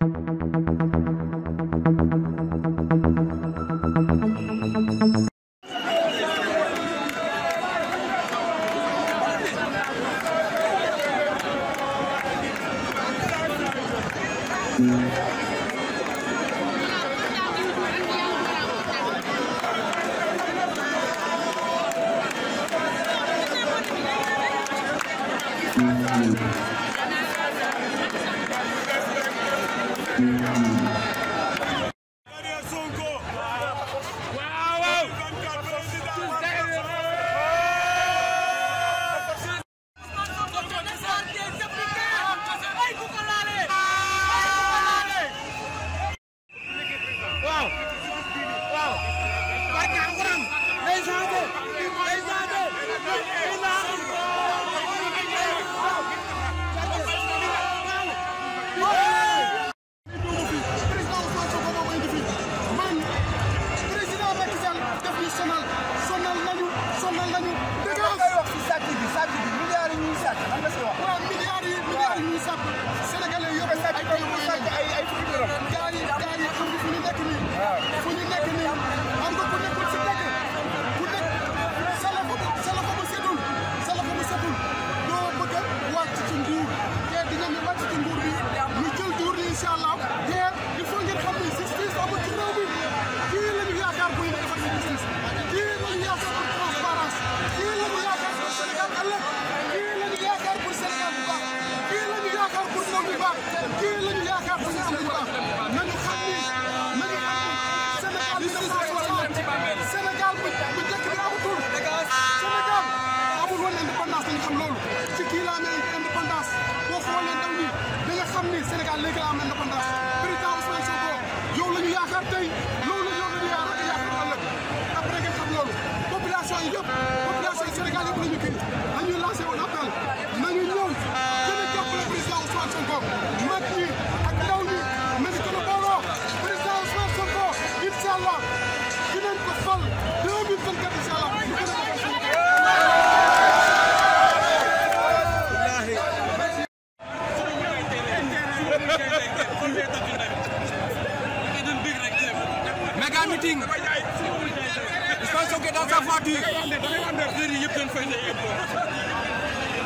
¡Papá, papá, sonal sonal nañu sonal nañu. dégg nga wax si sàcc bi sàcc bi milliards yi ñuy sàcc lan nga si wax. waaw milliards yi milliards yi ñuy sàcc. Sénégalais yëpp ay ay ay ay yooyu yëpp population Sénégal yëpp la ñu kii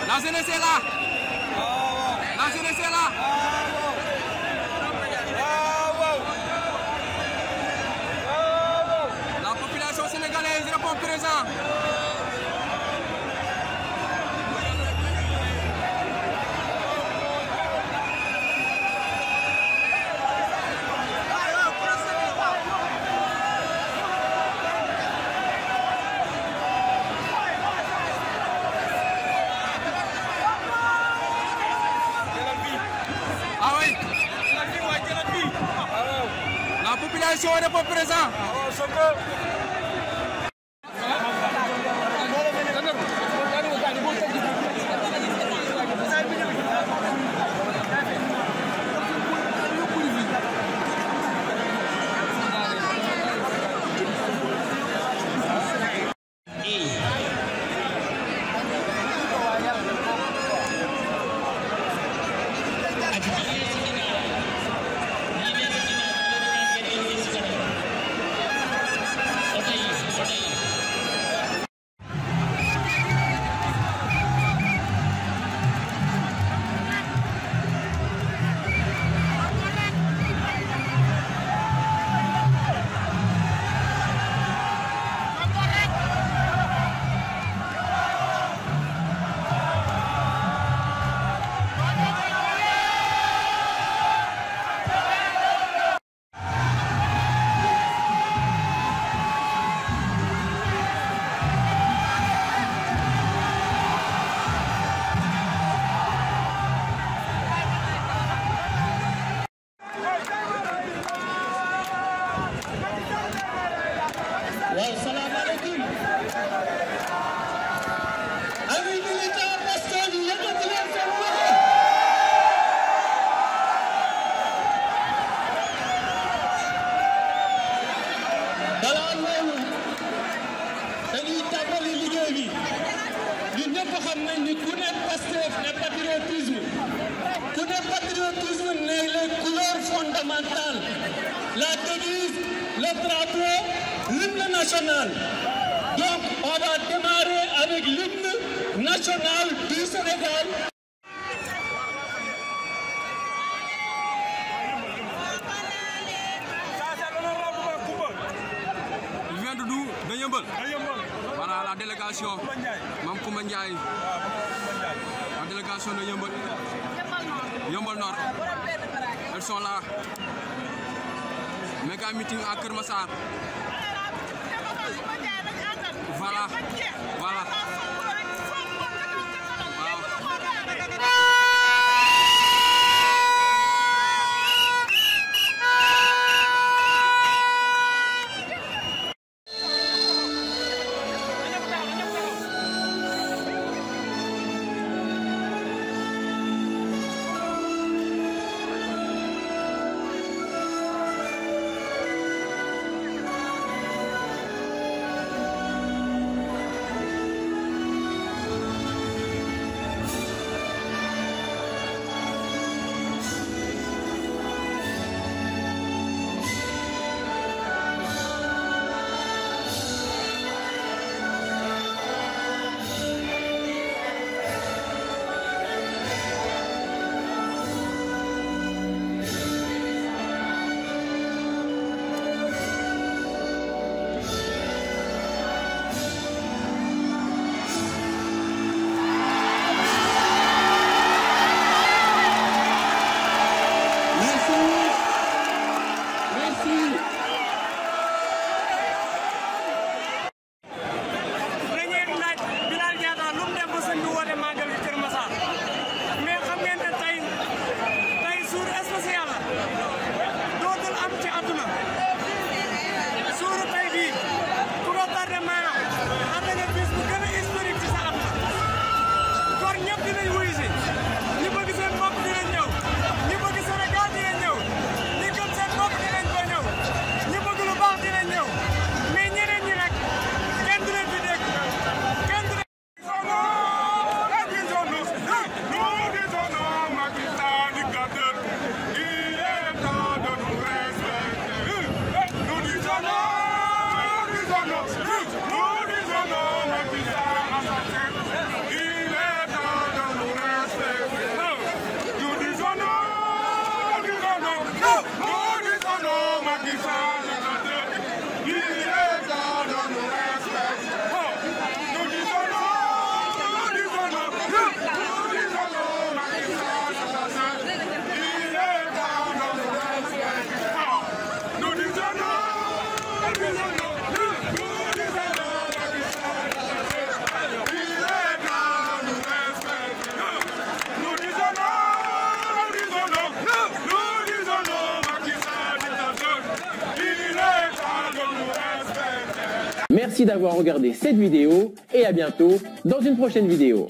Nazine Sela. Nazine Sela. La population sénégalaise répond présent. coalition répond présent. ni ku ne Pastef ne patriotisme ku ne patriotisme ne les couleurs fondamentales la devise le drapeau l'hymne national donc on va démarrer avec l'hymne national du Sénégal da yëmbal à la délégation Mame Coumba Ndiaye la délégation de Yeumbeul Yeumbeul Nord elles sont là méga meeting à Keur Merci d'avoir regardé cette vidéo et à bientôt dans une prochaine vidéo.